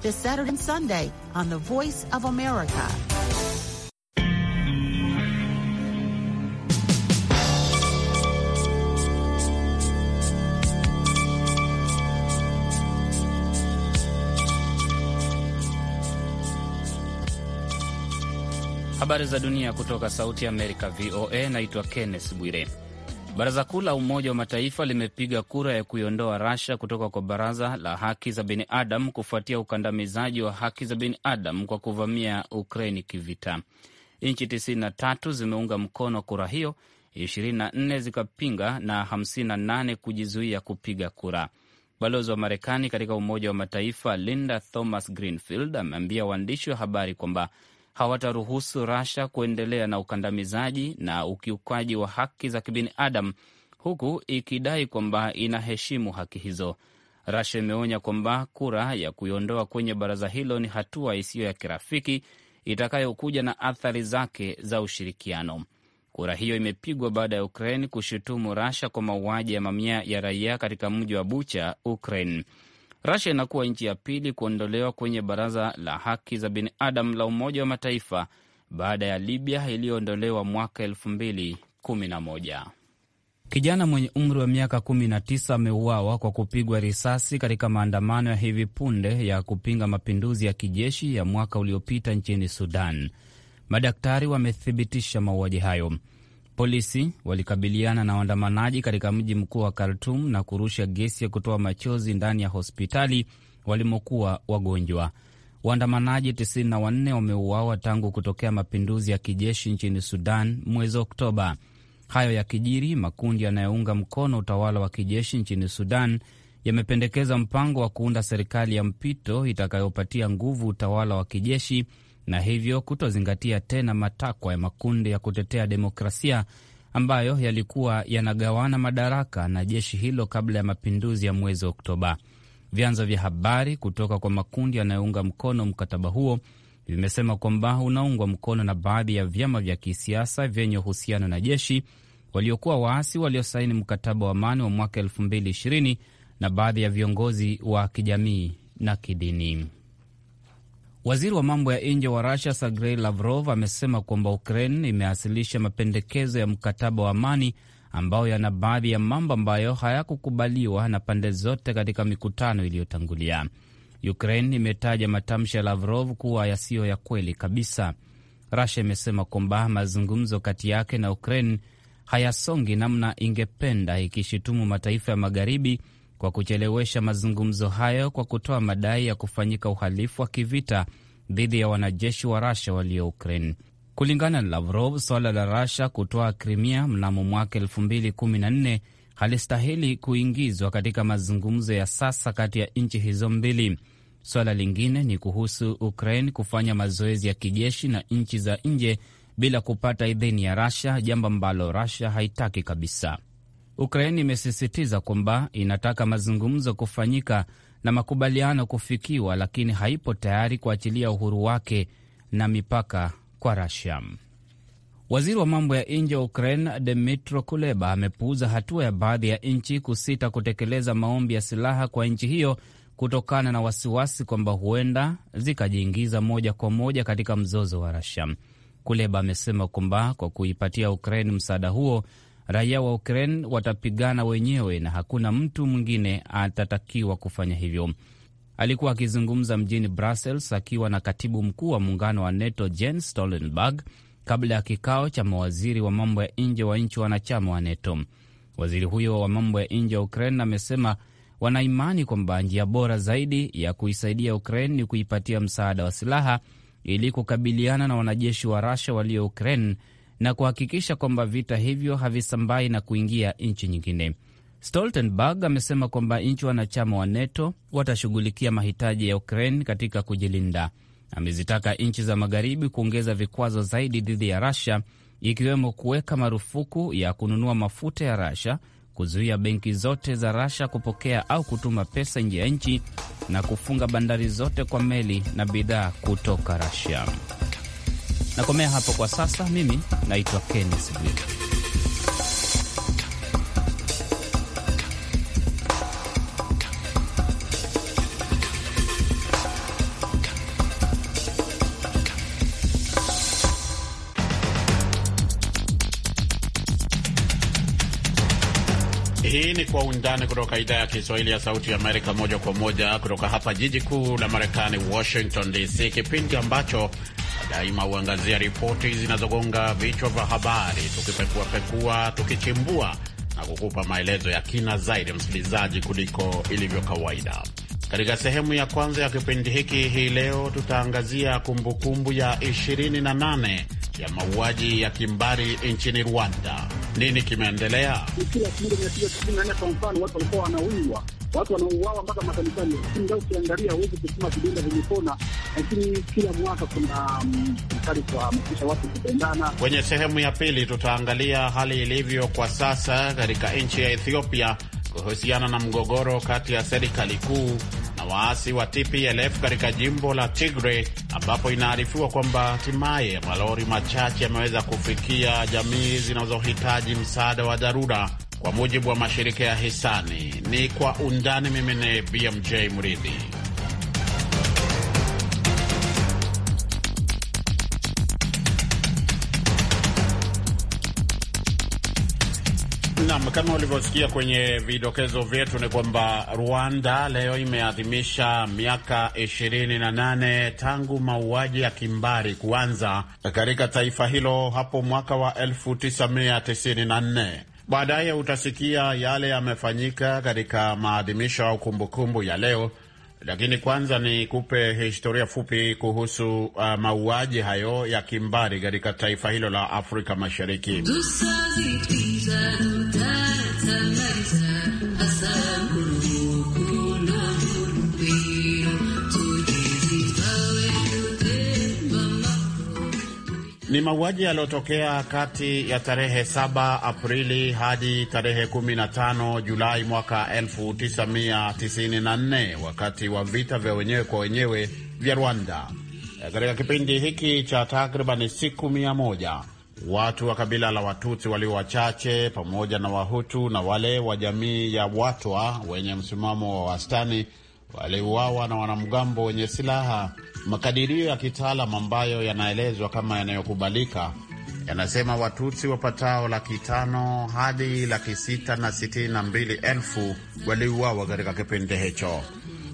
this Saturday and Sunday on the Voice of America. Habari za dunia kutoka Sauti ya Amerika, VOA. Naitwa Kenneth Bwire. Baraza Kuu la Umoja wa Mataifa limepiga kura ya kuiondoa Rasha kutoka kwa Baraza la Haki za Binadamu kufuatia ukandamizaji wa haki za binadamu kwa kuvamia Ukraini kivita. Nchi 93 zimeunga mkono kura hiyo, 24 zikapinga na 58 kujizuia kupiga kura. Balozi wa Marekani katika Umoja wa Mataifa Linda Thomas Greenfield ameambia waandishi wa habari kwamba hawataruhusu Russia kuendelea na ukandamizaji na ukiukaji wa haki za kibinadamu, huku ikidai kwamba inaheshimu haki hizo. Russia imeonya kwamba kura ya kuiondoa kwenye baraza hilo ni hatua isiyo ya kirafiki itakayokuja na athari zake za ushirikiano. Kura hiyo imepigwa baada ya Ukraine kushutumu Russia kwa mauaji ya mamia ya raia katika mji wa Bucha, Ukraine. Rusia inakuwa nchi ya pili kuondolewa kwenye Baraza la Haki za Binadamu la Umoja wa Mataifa baada ya Libya iliyoondolewa mwaka elfu mbili kumi na moja. Kijana mwenye umri wa miaka 19 ameuawa kwa kupigwa risasi katika maandamano ya hivi punde ya kupinga mapinduzi ya kijeshi ya mwaka uliopita nchini Sudan. Madaktari wamethibitisha mauaji hayo. Polisi walikabiliana na waandamanaji katika mji mkuu wa Khartum na kurusha gesi ya kutoa machozi ndani ya hospitali walimokuwa wagonjwa. Waandamanaji 94 wameuawa tangu kutokea mapinduzi ya kijeshi nchini Sudan mwezi Oktoba. Hayo ya kijiri makundi yanayounga mkono utawala wa kijeshi nchini Sudan yamependekeza mpango wa kuunda serikali ya mpito itakayopatia nguvu utawala wa kijeshi na hivyo kutozingatia tena matakwa ya makundi ya kutetea demokrasia ambayo yalikuwa yanagawana madaraka na jeshi hilo kabla ya mapinduzi ya mwezi Oktoba. Vyanzo vya habari kutoka kwa makundi yanayounga mkono mkataba huo vimesema kwamba unaungwa mkono na baadhi ya vyama vya kisiasa vyenye uhusiano na jeshi waliokuwa waasi waliosaini mkataba wa amani wa mwaka 2020 na baadhi ya viongozi wa kijamii na kidini. Waziri wa mambo ya nje wa Rusia Sergei Lavrov amesema kwamba Ukraine imewasilisha mapendekezo ya mkataba wa amani ambayo yana baadhi ya mambo ambayo hayakukubaliwa na pande zote katika mikutano iliyotangulia. Ukraine imetaja matamshi ya Lavrov kuwa yasiyo ya kweli kabisa. Rusia imesema kwamba mazungumzo kati yake na Ukraine hayasongi namna ingependa, ikishutumu mataifa ya magharibi kwa kuchelewesha mazungumzo hayo kwa kutoa madai ya kufanyika uhalifu wa kivita dhidi ya wanajeshi wa Rasha walio Ukraine. Kulingana na Lavrov, suala la Rasha kutoa Krimia mnamo mwaka 2014 halistahili kuingizwa katika mazungumzo ya sasa kati ya nchi hizo mbili. Swala lingine ni kuhusu Ukraine kufanya mazoezi ya kijeshi na nchi za nje bila kupata idhini ya Rasha, jambo ambalo Rasha haitaki kabisa. Ukraini imesisitiza kwamba inataka mazungumzo kufanyika na makubaliano kufikiwa, lakini haipo tayari kuachilia uhuru wake na mipaka kwa Rasia. Waziri wa mambo ya nje wa Ukraine Dmytro Kuleba amepuuza hatua ya baadhi ya nchi kusita kutekeleza maombi ya silaha kwa nchi hiyo kutokana na wasiwasi kwamba huenda zikajiingiza moja kwa moja katika mzozo wa rasia Kuleba amesema kwamba kwa kuipatia Ukraine msaada huo Raia wa Ukraine watapigana wenyewe na hakuna mtu mwingine atatakiwa kufanya hivyo. Alikuwa akizungumza mjini Brussels akiwa na katibu mkuu wa muungano wa NATO Jens Stoltenberg kabla ya kikao cha mawaziri wa mambo ya nje wa nchi wanachama wa NATO. Waziri huyo wa mambo ya nje wa Ukraine amesema wanaimani kwamba njia bora zaidi ya kuisaidia Ukraine ni kuipatia msaada wa silaha ili kukabiliana na wanajeshi wa rasha walio Ukraine na kuhakikisha kwamba vita hivyo havisambai na kuingia nchi nyingine. Stoltenberg amesema kwamba nchi wanachama wa NATO watashughulikia mahitaji ya Ukraine katika kujilinda. Amezitaka nchi za magharibi kuongeza vikwazo zaidi dhidi ya Russia, ikiwemo kuweka marufuku ya kununua mafuta ya Russia, kuzuia benki zote za Russia kupokea au kutuma pesa nje ya nchi na kufunga bandari zote kwa meli na bidhaa kutoka Russia. Nakomea hapo kwa sasa. Mimi naitwa Kennes Bwire. Hii ni Kwa Undani kutoka idhaa ya Kiswahili ya Sauti ya Amerika, moja kwa moja kutoka hapa jiji kuu la Marekani, Washington DC, kipindi ambacho Daima huangazia ripoti zinazogonga vichwa vya habari, tukipekuapekua, tukichimbua na kukupa maelezo ya kina zaidi, msikilizaji, kuliko ilivyo kawaida. Katika sehemu ya kwanza ya kipindi hiki hii leo tutaangazia kumbukumbu ya 28 ya mauaji ya kimbari nchini Rwanda. Nini kimeendelea? watu wanauawa mpaka makanisani, lakini leo ukiangalia huwezi kusema vidonda vimepona, lakini kila mwaka kuna mkali mm, kuhamasisha watu kupendana. Kwenye sehemu ya pili tutaangalia hali ilivyo kwa sasa katika nchi ya Ethiopia kuhusiana na mgogoro kati ya serikali kuu na waasi wa TPLF katika jimbo la Tigre, ambapo inaarifiwa kwamba hatimaye malori machache yameweza kufikia jamii zinazohitaji msaada wa dharura kwa mujibu wa mashirika ya hisani. Ni kwa undani. Mimi ni BMJ Mridhi. Nam, kama ulivyosikia kwenye vidokezo vyetu ni kwamba Rwanda leo imeadhimisha miaka 28 tangu mauaji ya kimbari kuanza katika taifa hilo hapo mwaka wa 1994. Baadaye utasikia yale yamefanyika katika maadhimisho au kumbukumbu ya leo, lakini kwanza ni kupe historia fupi kuhusu uh, mauaji hayo ya kimbari katika taifa hilo la Afrika Mashariki. Ni mauaji yaliyotokea kati ya tarehe 7 Aprili hadi tarehe 15 Julai mwaka 1994 wakati wa vita vya wenyewe kwa wenyewe vya Rwanda. Katika kipindi hiki cha takribani siku mia moja watu wa kabila la Watutsi walio wachache pamoja na Wahutu na wale wa jamii ya Watwa wenye msimamo wa wastani waliuawa na wanamgambo wenye silaha. Makadirio ya kitaalam ambayo yanaelezwa kama yanayokubalika yanasema Watutsi wapatao laki tano hadi laki sita na sitini na mbili elfu waliuawa katika kipindi hicho.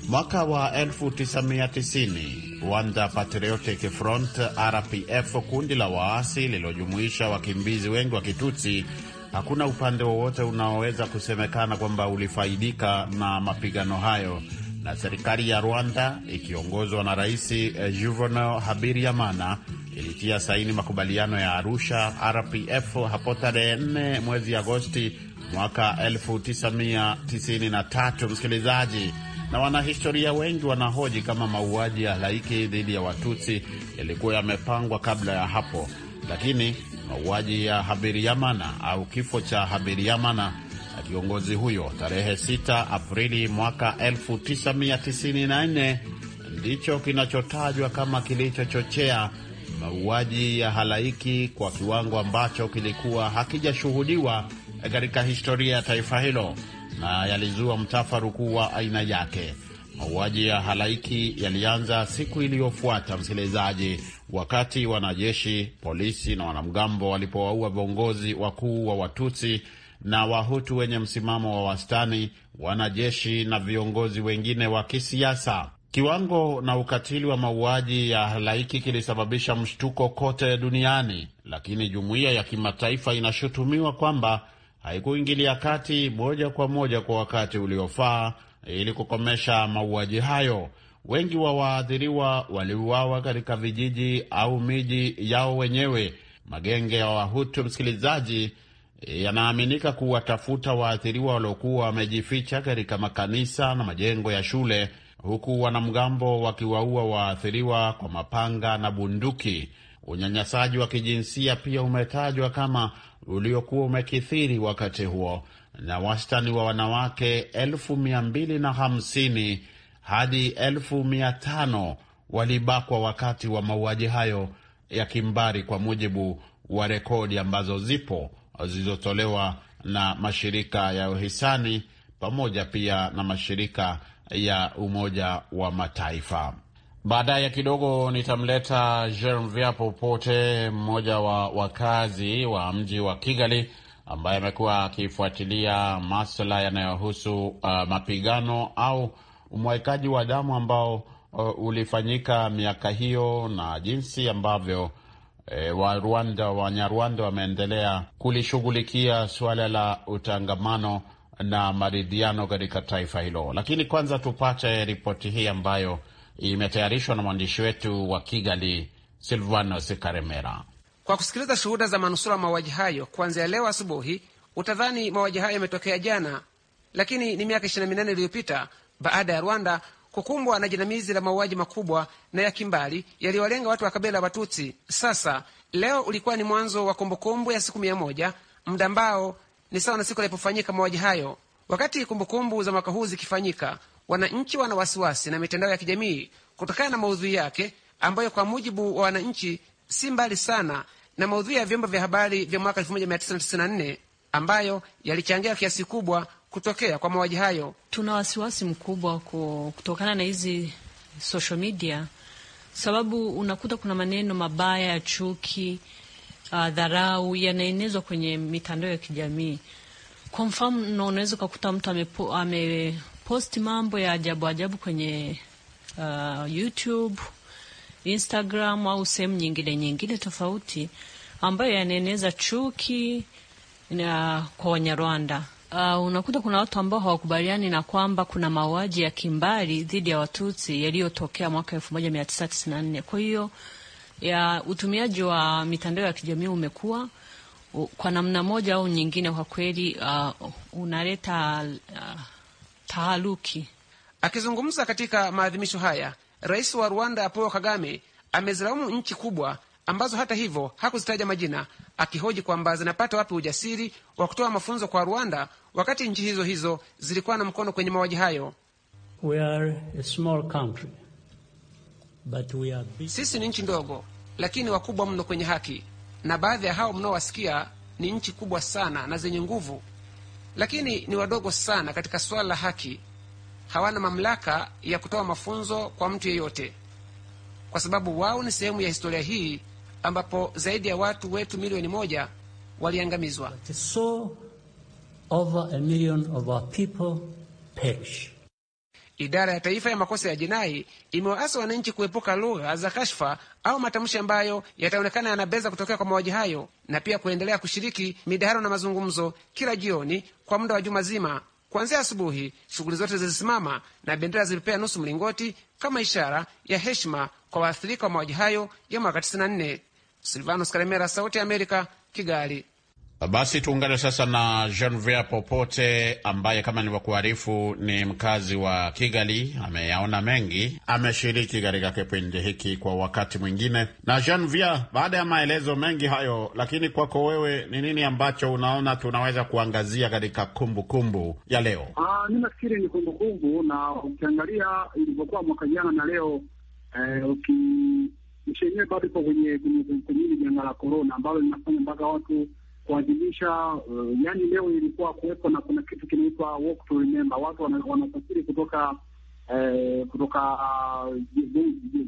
Mwaka wa 1990 Rwanda Patriotic Front RPF, kundi la waasi lililojumuisha wakimbizi wengi wa Kitutsi. Hakuna upande wowote unaoweza kusemekana kwamba ulifaidika na mapigano hayo, na serikali ya Rwanda ikiongozwa na Rais eh, Juvenal Habyarimana ilitia saini makubaliano ya Arusha RPF hapo tarehe 4 mwezi Agosti mwaka 1993, msikilizaji, na wanahistoria wengi wanahoji kama mauaji ya halaiki dhidi ya Watutsi yalikuwa yamepangwa kabla ya hapo, lakini mauaji ya Habyarimana au kifo cha Habyarimana na kiongozi huyo tarehe 6 Aprili mwaka 1994 ndicho kinachotajwa kama kilichochochea mauaji ya halaiki kwa kiwango ambacho kilikuwa hakijashuhudiwa katika historia ya taifa hilo na yalizua mtafaruku wa aina yake. Mauaji ya halaiki yalianza siku iliyofuata, msikilizaji, wakati wanajeshi, polisi na wanamgambo walipowaua viongozi wakuu wa Watusi na Wahutu wenye msimamo wa wastani, wanajeshi na viongozi wengine wa kisiasa. Kiwango na ukatili wa mauaji ya halaiki kilisababisha mshtuko kote duniani, lakini jumuiya ya kimataifa inashutumiwa kwamba haikuingilia kati moja kwa moja kwa wakati uliofaa ili kukomesha mauaji hayo. Wengi wa waathiriwa waliuawa katika vijiji au miji yao wenyewe. Magenge ya Wahutu, msikilizaji, yanaaminika kuwatafuta waathiriwa waliokuwa wamejificha katika makanisa na majengo ya shule, huku wanamgambo wakiwaua waathiriwa kwa mapanga na bunduki. Unyanyasaji wa kijinsia pia umetajwa kama uliokuwa umekithiri wakati huo, na wastani wa wanawake elfu mia mbili na hamsini hadi elfu mia tano walibakwa wakati wa mauaji hayo ya kimbari, kwa mujibu wa rekodi ambazo zipo zilizotolewa na mashirika ya uhisani pamoja pia na mashirika ya Umoja wa Mataifa. Baadaye kidogo nitamleta Jeremvia Popote, mmoja wa wakazi wa mji wa Kigali ambaye amekuwa akifuatilia maswala yanayohusu uh, mapigano au umwaikaji wa damu ambao uh, ulifanyika miaka hiyo na jinsi ambavyo e, wa Rwanda, Wanyarwanda wameendelea kulishughulikia suala la utangamano na maridhiano katika taifa hilo. Lakini kwanza tupate ripoti hii ambayo imetayarishwa na mwandishi wetu wa Kigali, Silvanos Karemera. Kwa kusikiliza shuhuda za manusura mauaji hayo kuanzia leo asubuhi, utadhani mauaji hayo yametokea jana, lakini ni miaka ishirini na minane iliyopita baada ya Rwanda kukumbwa na jinamizi la mauaji makubwa na ya kimbali yaliyowalenga watu wa kabila la Watutsi. Sasa leo ulikuwa ni mwanzo wa kumbukumbu ya siku mia moja, muda ambao ni sawa na siku yalipofanyika mauaji hayo. Wakati kumbukumbu za mwaka huu zikifanyika, wananchi wana wasiwasi na mitandao ya kijamii kutokana na maudhui yake ambayo kwa mujibu wa wananchi si mbali sana na maudhui ya vyombo vya habari vya mwaka 1994 ambayo yalichangia kiasi kubwa kutokea kwa mauaji hayo. Tuna wasiwasi mkubwa kutokana na hizi social media, sababu unakuta kuna maneno mabaya ya chuki, uh, dharau yanaenezwa kwenye mitandao ya kijamii. Kwa mfano, unaweza ukakuta mtu amepo, ameposti mambo ya ajabu ajabu kwenye uh, YouTube, Instagram au sehemu nyingine nyingine tofauti ambayo yanaeneza chuki na ah, kwa Wanyarwanda. Uh, unakuta kuna watu ambao hawakubaliani na kwamba kuna mauaji ya kimbari dhidi ya Watutsi yaliyotokea mwaka 1994. Kwa hiyo ya utumiaji wa mitandao ya kijamii umekuwa kwa namna moja au nyingine, kwa kweli uh, unaleta uh, taharuki. Akizungumza katika maadhimisho haya, Rais wa Rwanda Paul Kagame amezilaumu nchi kubwa ambazo hata hivyo hakuzitaja majina, akihoji kwamba zinapata wapi ujasiri wa kutoa mafunzo kwa Rwanda wakati nchi hizo hizo zilikuwa na mkono kwenye mauaji hayo. Sisi ni nchi ndogo, lakini wakubwa mno kwenye haki, na baadhi ya hao mnaowasikia ni nchi kubwa sana na zenye nguvu, lakini ni wadogo sana katika suala la haki. Hawana mamlaka ya kutoa mafunzo kwa mtu yeyote, kwa sababu wao ni sehemu ya historia hii ambapo zaidi ya watu wetu milioni moja waliangamizwa. Idara ya Taifa ya Makosa ya Jinai imewaasa wananchi kuepuka lugha za kashfa au matamshi ambayo yataonekana yanabeza kutokea kwa mauaji hayo, na pia kuendelea kushiriki midaharo na mazungumzo kila jioni kwa muda wa juma zima. Kuanzia asubuhi, shughuli zote zilisimama na bendera zilipea nusu mlingoti kama ishara ya heshima kwa waathirika wa mauaji hayo ya mwaka 94. Silvanos Karemera, Sauti ya Amerika, Kigali. Basi tuungane sasa na Genevieve Popote ambaye kama nilivyokuarifu ni mkazi wa Kigali, ameyaona mengi, ameshiriki katika kipindi hiki kwa wakati mwingine. Na Genevieve, baada ya maelezo mengi hayo, lakini kwako wewe ni nini ambacho unaona tunaweza kuangazia katika kumbukumbu ya leo? Uh, ah, mi nafikiri ni kumbukumbu, na ukiangalia ilivyokuwa mwaka jana na leo eh, uki nchi yenyewe bado iko kwenye hili janga la korona ambalo linafanya mpaka watu kuadhimisha. Uh, yani leo ilikuwa kuwepo na kuna kitu kinaitwa walk to remember, watu wanasafiri kutoka eh, kutoka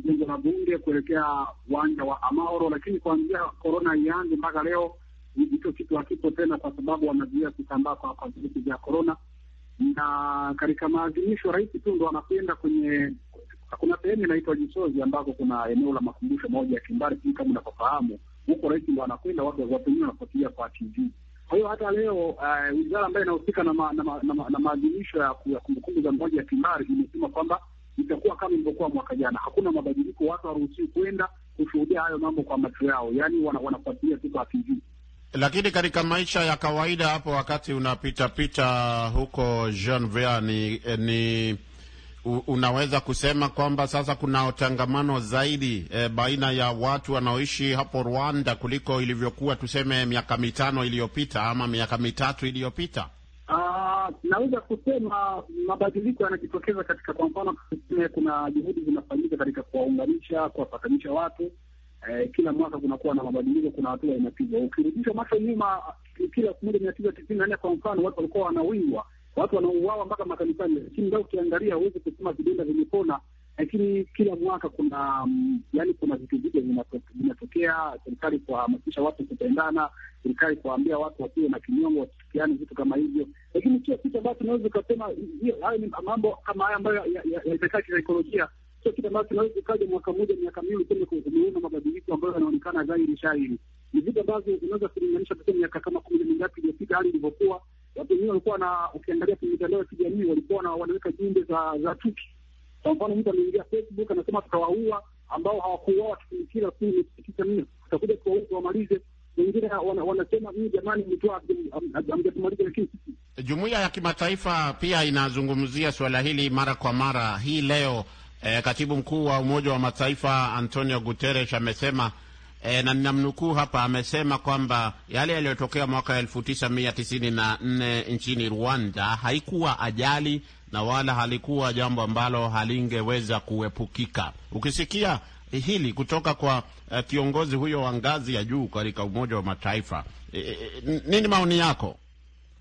jengo uh, la bunge kuelekea uwanja wa Amahoro, lakini kuanzia korona ianze mpaka leo hicho kitu hakipo tena, kwa sababu wanazuia kusambaa kwa virusi vya korona. Na katika maadhimisho, rais tu ndo anapenda kwenye kuna sehemu inaitwa Jisozi ambako kuna eneo la makumbusho moja ya kimbari, kama unavyofahamu huko. Rais ndo anakwenda, watu watu wanafuatilia kwa TV. Kwa hiyo hata leo eh, wizara uh, ambayo inahusika na maadhimisho ya kumbukumbu za mauaji ya kimbari imesema kwamba itakuwa kama ilivyokuwa mwaka jana, hakuna mabadiliko. Watu waruhusii kwenda kushuhudia hayo mambo kwa macho yao, yaani wanafuatilia tu kwa TV. Lakini katika maisha ya kawaida hapo, wakati unapitapita huko Jean Vianney, ni, eh, ni unaweza kusema kwamba sasa kuna utangamano zaidi e, baina ya watu wanaoishi hapo Rwanda kuliko ilivyokuwa tuseme miaka mitano iliyopita ama miaka mitatu iliyopita? Uh, naweza kusema mabadiliko yanajitokeza katika, kwa mfano kuna juhudi zinafanyika katika kuwaunganisha, kuwapatanisha watu eh, kila mwaka kunakuwa na mabadiliko, kuna hatua inapigwa. Ukirudisha macho nyuma, kila elfu moja mia tisa tisini na nne kwa mfano watu walikuwa wanawingwa watu wanauawa mpaka makanisani, lakini ndio ukiangalia huwezi kusema vidonda vimepona, lakini kila mwaka kuna mm, yani kuna vitu vipya vinatokea. Serikali kuwahamasisha watu kutendana, serikali kuwaambia watu wasiwe na kinyongo, wasikiani vitu kama hivyo, lakini sio kitu ambacho tunaweza ukasema hayo ni mambo kama haya ambayo yalitakaa kisaikolojia. Sio kitu ambacho tunaweza ukaja mwaka moja miaka miwili useme mabadiliko ambayo yanaonekana dhahiri shahiri ni vitu ambavyo unaweza kulinganisha tuseme miaka kama kumi na mingapi iliyopita hali ilivyokuwa. Watu wenyewe walikuwa na, ukiangalia kwenye mitandao ya kijamii walikuwa na wanaweka jumbe za za chuki. Kwa mfano mtu ameingia Facebook anasema tutawaua, ambao hawakuuawa tukinikila kuu imesikitisha mno, tutakuja kuwaua tuwamalize. Wengine wanasema mii, jamani, mtoa amjatumaliza. Lakini sisi jumuiya ya kimataifa pia inazungumzia suala hili mara kwa mara. Hii leo eh, katibu mkuu wa Umoja wa Mataifa Antonio Guterres amesema e, na ninamnukuu hapa, amesema kwamba yale yaliyotokea mwaka elfu tisa mia tisini nne nchini Rwanda haikuwa ajali na wala halikuwa jambo ambalo halingeweza kuepukika. Ukisikia hili kutoka kwa uh, kiongozi huyo wa ngazi ya juu katika Umoja wa Mataifa, e, e, nini maoni yako?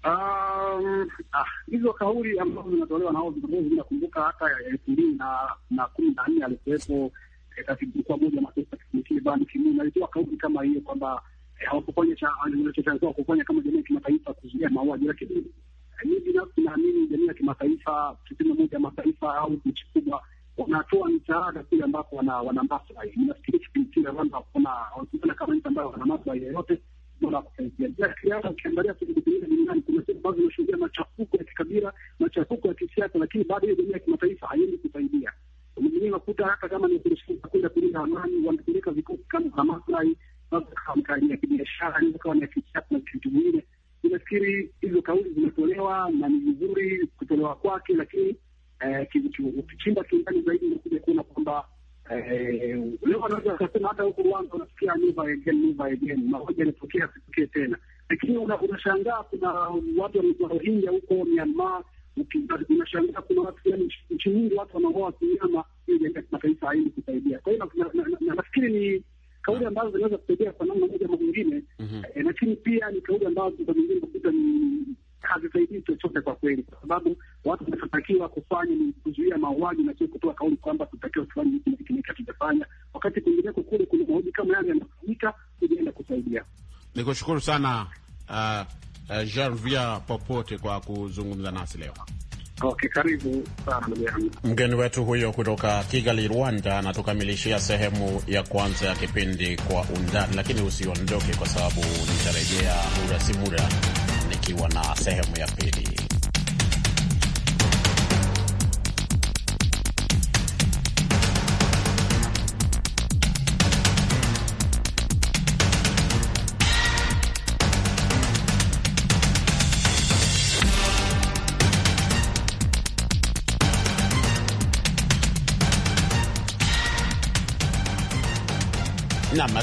Um, ah, hizo kauli ambazo zinatolewa na hao viongozi, nakumbuka hata ya elfu mbili na kumi na nne alikuwepo takribani moja Manchester City bado kimuna alitoa kauli kama hiyo kwamba eh, hawakufanya cha walichotakiwa ah, kufanya kama jamii ya kimataifa kuzuia mauaji, lakini eh, mimi binafsi naamini jamii ya kimataifa tuseme moja mataifa au nchi kubwa wanatoa msaada kule ambapo wana wana maslahi. Nafikiri kipindi kile Rwanda wanaonekana kama nchi ambayo wana maslahi yoyote bora kusaidia. Lakini hata ukiangalia sehemu zingine duniani, kuna sehemu ambazo zinashuhudia machafuko ya kikabila, machafuko ya kisiasa, lakini bado hiyo jamii ya kimataifa haiendi kusaidia wengine unakuta hata kama ni kwenda kulinda amani, wanapeleka vikosi kama Hamasai maslahi ya kibiashara, kawa ni kisiasa na kitu kingine. Nafikiri hizo kauli zimetolewa na ni vizuri kutolewa kwake, lakini eh, ukichimba kiundani zaidi unakuja kuona kwamba eh, leo wanaweza wakasema hata huku Rwanda unasikia never again, never again, mahoja yanatokea, asitokee tena, lakini unashangaa kuna watu wa Rohingya huko Myanmar unashangaa kuna watu yani, nchi nyingi watu wanaoa wakinyama ili jamii ya kimataifa haili kusaidia. Kwa hiyo nafikiri ni kauli ambazo zinaweza kusaidia kwa namna moja ama nyingine, mhm. eh, lakini pia ni kauli ambazo kwa nyingine unakuta ni hazisaidii chochote kwa kweli, kwa sababu watu wanatakiwa kufanya ni kuzuia mauaji na sio kutoa kauli kwamba tutakiwa tufanye hiki na hiki hatujafanya, wakati kwingineko kule kuna mauaji kama yale yanafanyika, hujaenda kusaidia. Nikushukuru sana uh uh, eh, Janvier Popote kwa kuzungumza nasi leo. Okay, mgeni wetu huyo kutoka Kigali, Rwanda, anatukamilishia sehemu ya kwanza ya kipindi Kwa Undani, lakini usiondoke, kwa sababu nitarejea muda si muda nikiwa na sehemu ya pili.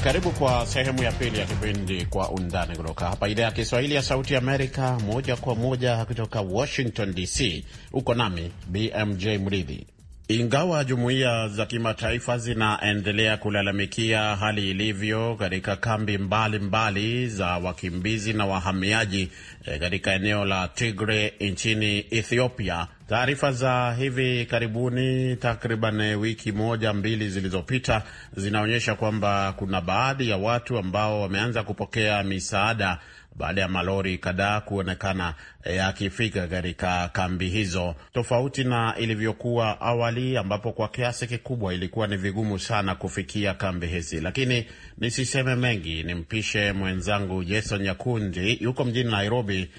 karibu kwa sehemu ya pili ya kipindi Kwa Undani kutoka hapa idhaa ya Kiswahili ya Sauti Amerika, moja kwa moja kutoka Washington DC. Uko nami BMJ Mridhi. Ingawa jumuiya za kimataifa zinaendelea kulalamikia hali ilivyo katika kambi mbalimbali mbali za wakimbizi na wahamiaji eh, katika eneo la Tigre nchini Ethiopia Taarifa za hivi karibuni takriban wiki moja mbili zilizopita zinaonyesha kwamba kuna baadhi ya watu ambao wameanza kupokea misaada baada ya malori kadhaa kuonekana eh, yakifika katika kambi hizo, tofauti na ilivyokuwa awali, ambapo kwa kiasi kikubwa ilikuwa ni vigumu sana kufikia kambi hizi. Lakini nisiseme mengi, nimpishe mwenzangu Jason Nyakundi, yuko mjini Nairobi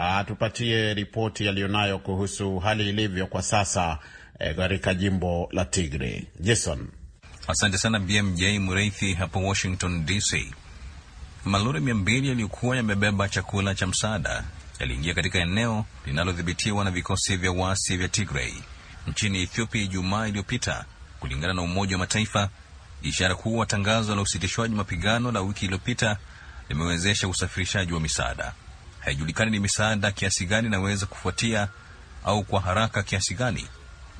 atupatie ripoti yaliyonayo kuhusu hali ilivyo kwa sasa eh, katika e, jimbo la Tigray. Jason, asante sana BMJ Mreithi hapo Washington DC. Malori mia mbili yaliyokuwa yamebeba chakula cha msaada yaliingia katika eneo linalodhibitiwa na vikosi vya waasi vya Tigray nchini Ethiopia Ijumaa iliyopita, kulingana na Umoja wa Mataifa, ishara kuwa tangazo la usitishwaji mapigano la wiki iliyopita limewezesha usafirishaji wa misaada. Haijulikani ni misaada kiasi gani inaweza kufuatia au kwa haraka kiasi gani.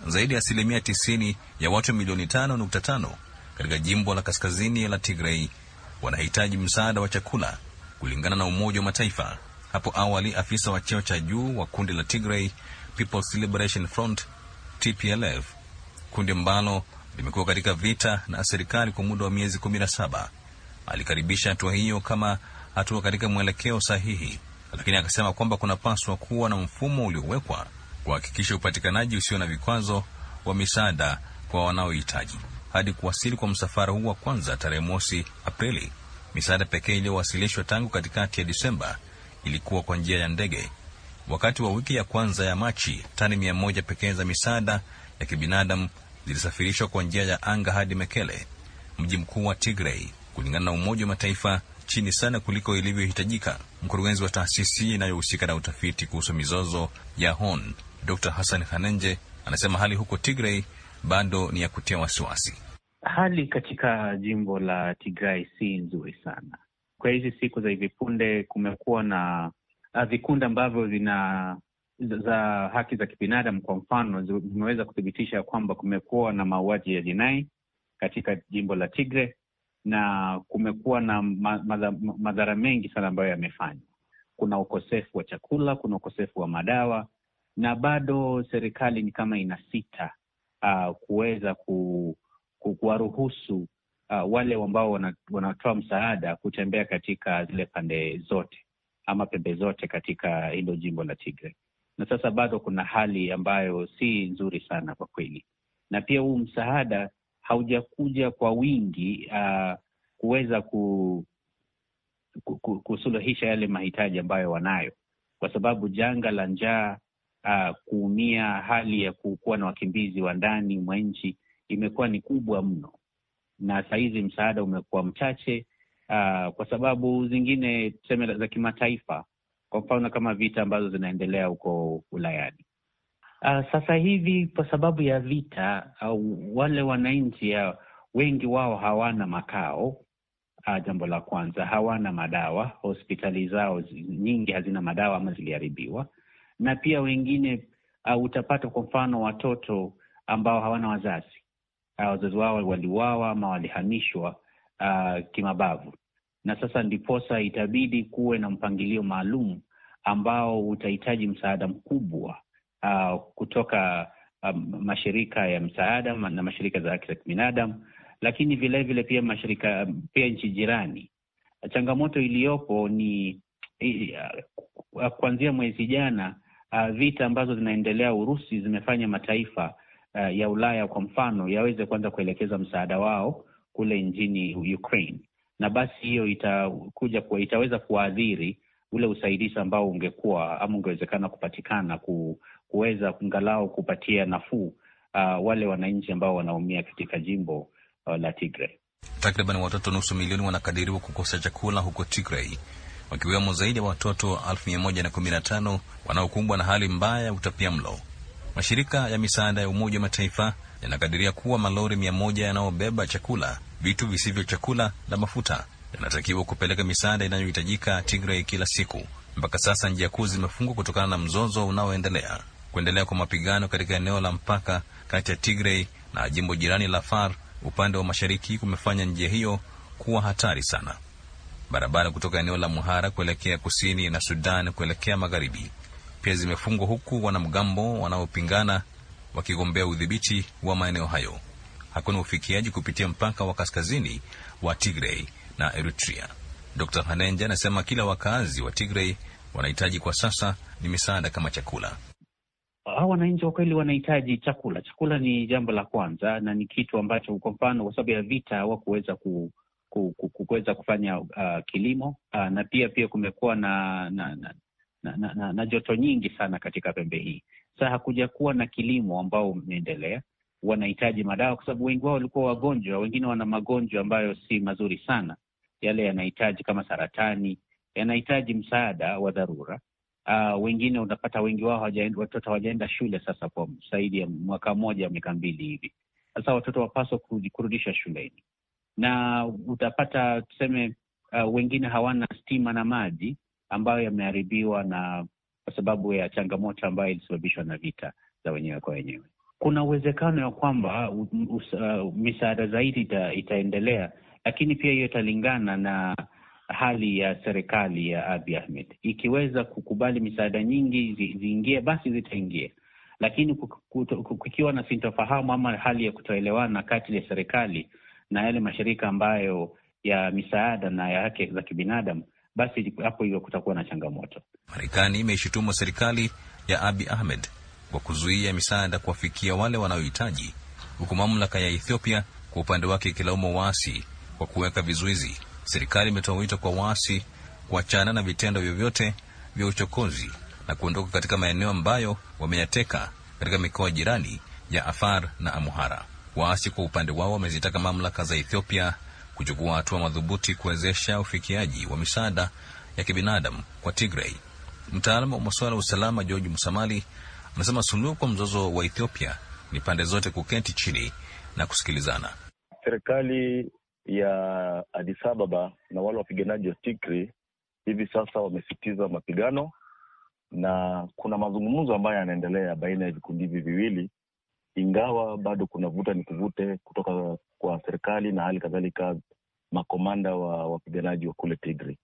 Zaidi ya asilimia tisini ya watu milioni tano nukta tano katika jimbo la kaskazini la Tigrei wanahitaji msaada wa chakula kulingana na Umoja wa Mataifa. Hapo awali afisa wa cheo cha juu wa kundi la Tigray People's Liberation Front TPLF, kundi ambalo limekuwa katika vita na serikali kwa muda wa miezi kumi na saba, alikaribisha hatua hiyo kama hatua katika mwelekeo sahihi lakini akasema kwamba kunapaswa kuwa na mfumo uliowekwa kuhakikisha upatikanaji usio na vikwazo wa misaada kwa wanaohitaji. Hadi kuwasili kwa msafara huu wa kwanza tarehe mosi Aprili, misaada pekee iliyowasilishwa tangu katikati ya Disemba ilikuwa kwa njia ya ndege. Wakati wa wiki ya kwanza ya Machi, tani mia moja pekee za misaada ya kibinadamu zilisafirishwa kwa njia ya anga hadi Mekele, mji mkuu wa Tigrey, kulingana na Umoja wa Mataifa, chini sana kuliko ilivyohitajika. Mkurugenzi wa taasisi inayohusika na utafiti kuhusu mizozo ya Horn, Dr Hassan Hanenje, anasema hali huko Tigray bado ni ya kutia wasiwasi. Hali katika jimbo la Tigray si nzuri sana. Kwa hizi siku za hivi punde kumekuwa na ah, vikundi ambavyo vina za haki za kibinadamu, kwa mfano, zimeweza kuthibitisha kwamba kumekuwa na mauaji ya jinai katika jimbo la Tigray na kumekuwa na madhara mengi sana ambayo yamefanywa. Kuna ukosefu wa chakula, kuna ukosefu wa madawa, na bado serikali ni kama sita uh, kuweza ku, kuwaruhusu uh, wale ambao wanatoa msaada kutembea katika zile pande zote ama pembe zote katika hilo jimbo la Tigre, na sasa bado kuna hali ambayo si nzuri sana kwa kweli, na pia huu msaada haujakuja kwa wingi uh, kuweza ku, ku, ku, kusuluhisha yale mahitaji ambayo wanayo, kwa sababu janga la njaa uh, kuumia, hali ya kuwa na wakimbizi wa ndani mwa nchi imekuwa ni kubwa mno, na sahizi msaada umekuwa mchache uh, kwa sababu zingine tuseme za kimataifa, kwa mfano kama vita ambazo zinaendelea huko Ulayani Uh, sasa hivi kwa sababu ya vita uh, wale wananchi uh, wengi wao hawana makao uh, jambo la kwanza, hawana madawa. Hospitali zao nyingi hazina madawa ama ziliharibiwa, na pia wengine uh, utapata kwa mfano watoto ambao hawana wazazi uh, wazazi wao waliuawa ama walihamishwa uh, kimabavu, na sasa ndiposa itabidi kuwe na mpangilio maalum ambao utahitaji msaada mkubwa uh, kutoka uh, mashirika ya msaada na mashirika za haki za kibinadamu, lakini vilevile vile pia mashirika um, pia nchi jirani. Changamoto iliyopo ni uh, kuanzia mwezi jana uh, vita ambazo zinaendelea Urusi zimefanya mataifa uh, ya Ulaya kwa mfano yaweze kuanza kuelekeza msaada wao kule nchini Ukraine, na basi hiyo itakuja kwa, itaweza kuwaadhiri ule usaidizi ambao ungekuwa ama ungewezekana kupatikana ku, kuweza kungalau kupatia nafuu uh, wale wananchi ambao wanaumia katika jimbo uh, la Tigray. Takriban watoto nusu milioni wanakadiriwa kukosa chakula huko Tigray, wakiwemo zaidi ya watoto elfu mia moja na kumi na tano wanaokumbwa na hali mbaya ya utapia mlo. Mashirika ya misaada ya Umoja wa Mataifa yanakadiria kuwa malori mia moja yanayobeba chakula, vitu visivyo chakula na mafuta yanatakiwa kupeleka misaada inayohitajika Tigray kila siku. Mpaka sasa njia kuu zimefungwa kutokana na mzozo unaoendelea kuendelea kwa mapigano katika eneo la mpaka kati ya Tigray na jimbo jirani la Afar upande wa mashariki kumefanya njia hiyo kuwa hatari sana. Barabara kutoka eneo la Muhara kuelekea kusini na Sudan kuelekea magharibi pia zimefungwa huku wanamgambo wanaopingana wakigombea udhibiti wa maeneo hayo. Hakuna ufikiaji kupitia mpaka wa kaskazini wa Tigray na Eritrea. Dr Hanenja anasema kila wakazi wa Tigray wanahitaji kwa sasa ni misaada kama chakula hawa wananchi kwa kweli wanahitaji chakula. Chakula ni jambo la kwanza na ni kitu ambacho kwa mfano, kwa sababu ya vita hawakuweza ku kuweza kufanya uh, kilimo uh, na pia pia kumekuwa na na, na, na, na, na na joto nyingi sana katika pembe hii. Sasa hakuja kuwa na kilimo ambao umeendelea. Wanahitaji madawa kwa sababu wengi wao walikuwa wagonjwa, wengine wana magonjwa ambayo si mazuri sana, yale yanahitaji kama saratani, yanahitaji msaada wa dharura uh, wengine unapata wengi wao watoto hawajaenda shule sasa kwa zaidi ya mwaka mmoja miaka mbili hivi. Sasa watoto wapaswa kurudishwa shuleni, na utapata tuseme, uh, wengine hawana stima na maji ambayo yameharibiwa na kwa sababu ya changamoto ambayo ilisababishwa na vita za wenyewe kwa wenyewe. Kuna uwezekano ya kwamba uh, misaada zaidi ita, itaendelea, lakini pia hiyo italingana na hali ya serikali ya Abiy Ahmed. Ikiweza kukubali misaada nyingi ziingie, basi zitaingia, lakini kukiwa na sintofahamu ama hali ya kutoelewana kati ya serikali na yale mashirika ambayo ya misaada na ya haki za kibinadamu, basi hapo hiyo kutakuwa na changamoto. Marekani imeishutumu serikali ya Abiy Ahmed kwa kuzuia misaada kuwafikia wale wanaohitaji, huku mamlaka ya Ethiopia kwa upande wake ikilaumu waasi kwa kuweka vizuizi Serikali imetoa wito kwa waasi kuachana na vitendo vyovyote vya uchokozi na kuondoka katika maeneo ambayo wameyateka katika mikoa jirani ya Afar na Amhara. Waasi kwa upande wao wamezitaka mamlaka za Ethiopia kuchukua hatua madhubuti kuwezesha ufikiaji wa misaada ya kibinadamu kwa Tigray. Mtaalamu wa masuala ya usalama George Musamali amesema suluhu kwa mzozo wa Ethiopia ni pande zote kuketi chini na kusikilizana. Serikali ya Addis Ababa na wale wapiganaji wa Tigray hivi sasa wamesitiza mapigano na kuna mazungumzo ambayo yanaendelea baina ya vikundi hivi viwili, ingawa bado kuna vuta ni kuvute kutoka kwa serikali na hali kadhalika makomanda wa wapiganaji wa kule Tigray.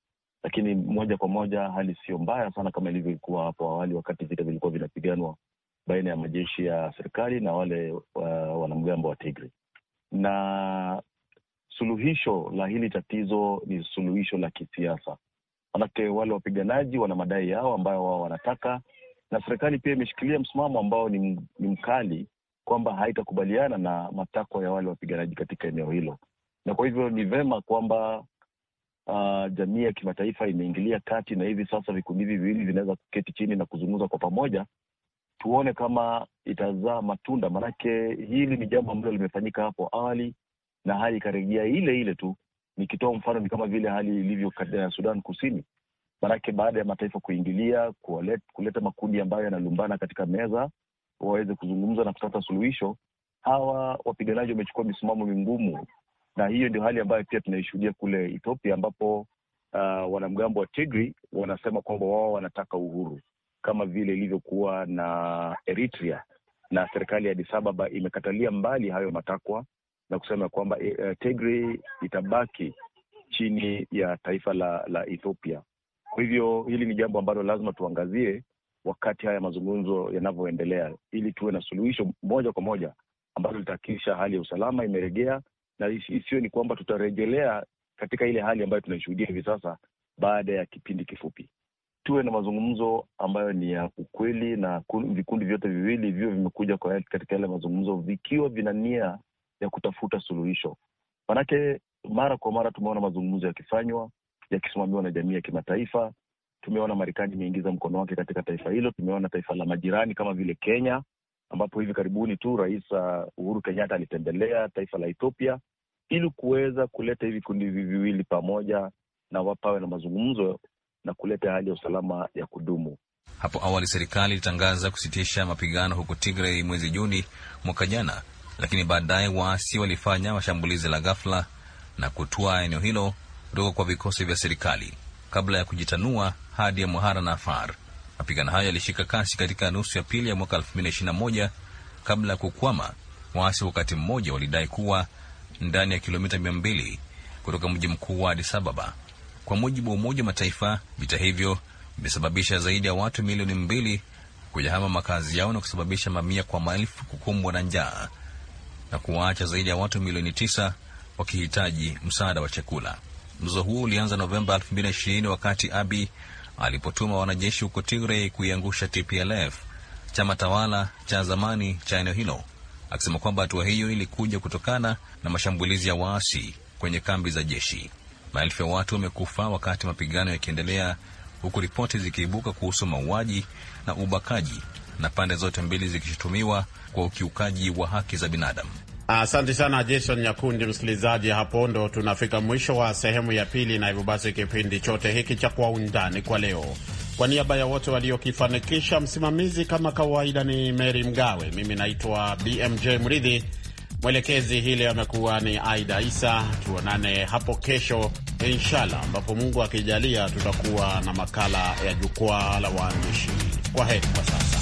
Lakini moja kwa moja hali sio mbaya sana kama ilivyokuwa hapo awali, wakati vita vilikuwa vinapiganwa baina ya majeshi ya serikali na wale uh, wanamgambo wa Tigray. Na suluhisho la hili tatizo ni suluhisho la kisiasa, manake wale wapiganaji wana madai yao ambayo wao wanataka, na serikali pia imeshikilia msimamo ambao ni mkali kwamba haitakubaliana na matakwa ya wale wapiganaji katika eneo hilo, na kwa hivyo ni vema kwamba uh, jamii ya kimataifa imeingilia kati, na hivi sasa vikundi hivi viwili vinaweza kuketi chini na kuzungumza kwa pamoja, tuone kama itazaa matunda, maanake hili ni jambo ambalo limefanyika hapo awali na hali ikarejea ile ile tu. Nikitoa mfano ni kama vile hali ilivyo eh, Sudan Kusini, manake baada ya mataifa kuingilia kuwalet, kuleta makundi ambayo yanalumbana katika meza waweze kuzungumza na kutafuta suluhisho, hawa wapiganaji wamechukua misimamo mingumu, na hiyo ndio hali ambayo pia tunaishuhudia kule Ethiopia ambapo Uh, wanamgambo wa Tigri wanasema kwamba wao wanataka uhuru kama vile ilivyokuwa na Eritrea, na serikali ya Addis Ababa imekatalia mbali hayo matakwa na kusema kwamba uh, Tigray itabaki chini ya taifa la, la Ethiopia. Kwa hivyo hili ni jambo ambalo lazima tuangazie wakati haya mazungumzo yanavyoendelea, ili tuwe na suluhisho moja kwa moja ambalo litahakikisha hali ya usalama imeregea na isiyo ni kwamba tutarejelea katika ile hali ambayo tunaishuhudia hivi sasa baada ya kipindi kifupi. Tuwe na mazungumzo ambayo ni ya ukweli, na vikundi vyote viwili vio vimekuja katika yale mazungumzo vikiwa vina nia ya kutafuta suluhisho. manake mara kwa mara tumeona mazungumzo yakifanywa yakisimamiwa na jamii ya kimataifa. Tumeona Marekani imeingiza mkono wake katika taifa hilo. Tumeona taifa la majirani kama vile Kenya, ambapo hivi karibuni tu Rais uh, Uhuru Kenyatta alitembelea taifa la Ethiopia ili kuweza kuleta hivi kundi viwili pamoja na wapawe na mazungumzo na kuleta hali ya usalama ya kudumu. Hapo awali serikali ilitangaza kusitisha mapigano huko Tigray mwezi Juni mwaka jana lakini baadaye waasi walifanya mashambulizi la ghafla na kutua eneo hilo kutoka kwa vikosi vya serikali kabla ya kujitanua hadi ya Amhara na Afar. Mapigano hayo yalishika kasi katika nusu ya pili ya mwaka 2021 kabla ya kukwama. Waasi wakati mmoja walidai kuwa ndani ya kilomita 200 kutoka mji mkuu wa Addis Ababa. Kwa mujibu wa Umoja wa Mataifa, vita hivyo vimesababisha zaidi ya watu milioni mbili kuyahama makazi yao na kusababisha mamia kwa maelfu kukumbwa na njaa na kuwaacha zaidi ya watu milioni tisa wakihitaji msaada wa chakula. Mzozo huo ulianza Novemba 2020 wakati Abi alipotuma wanajeshi huko Tigre kuiangusha TPLF, chama tawala cha zamani cha eneo hilo, akisema kwamba hatua hiyo ilikuja kutokana na mashambulizi ya waasi kwenye kambi za jeshi. Maelfu ya watu wamekufa wakati mapigano yakiendelea huku ripoti zikiibuka kuhusu mauaji na ubakaji na pande zote mbili zikishutumiwa kwa ukiukaji wa haki za binadamu. Asante sana Jason Nyakundi. Msikilizaji, hapo ndo tunafika mwisho wa sehemu ya pili, na hivyo basi kipindi chote hiki cha Kwa Undani kwa leo, kwa niaba ya wote waliokifanikisha, msimamizi kama kawaida ni Mary Mgawe, mimi naitwa BMJ Mridhi, mwelekezi hii leo amekuwa ni Aida Isa. Tuonane hapo kesho Ee, inshallah, ambapo Mungu akijalia tutakuwa na makala ya jukwaa la waandishi. Kwa heri kwa sasa.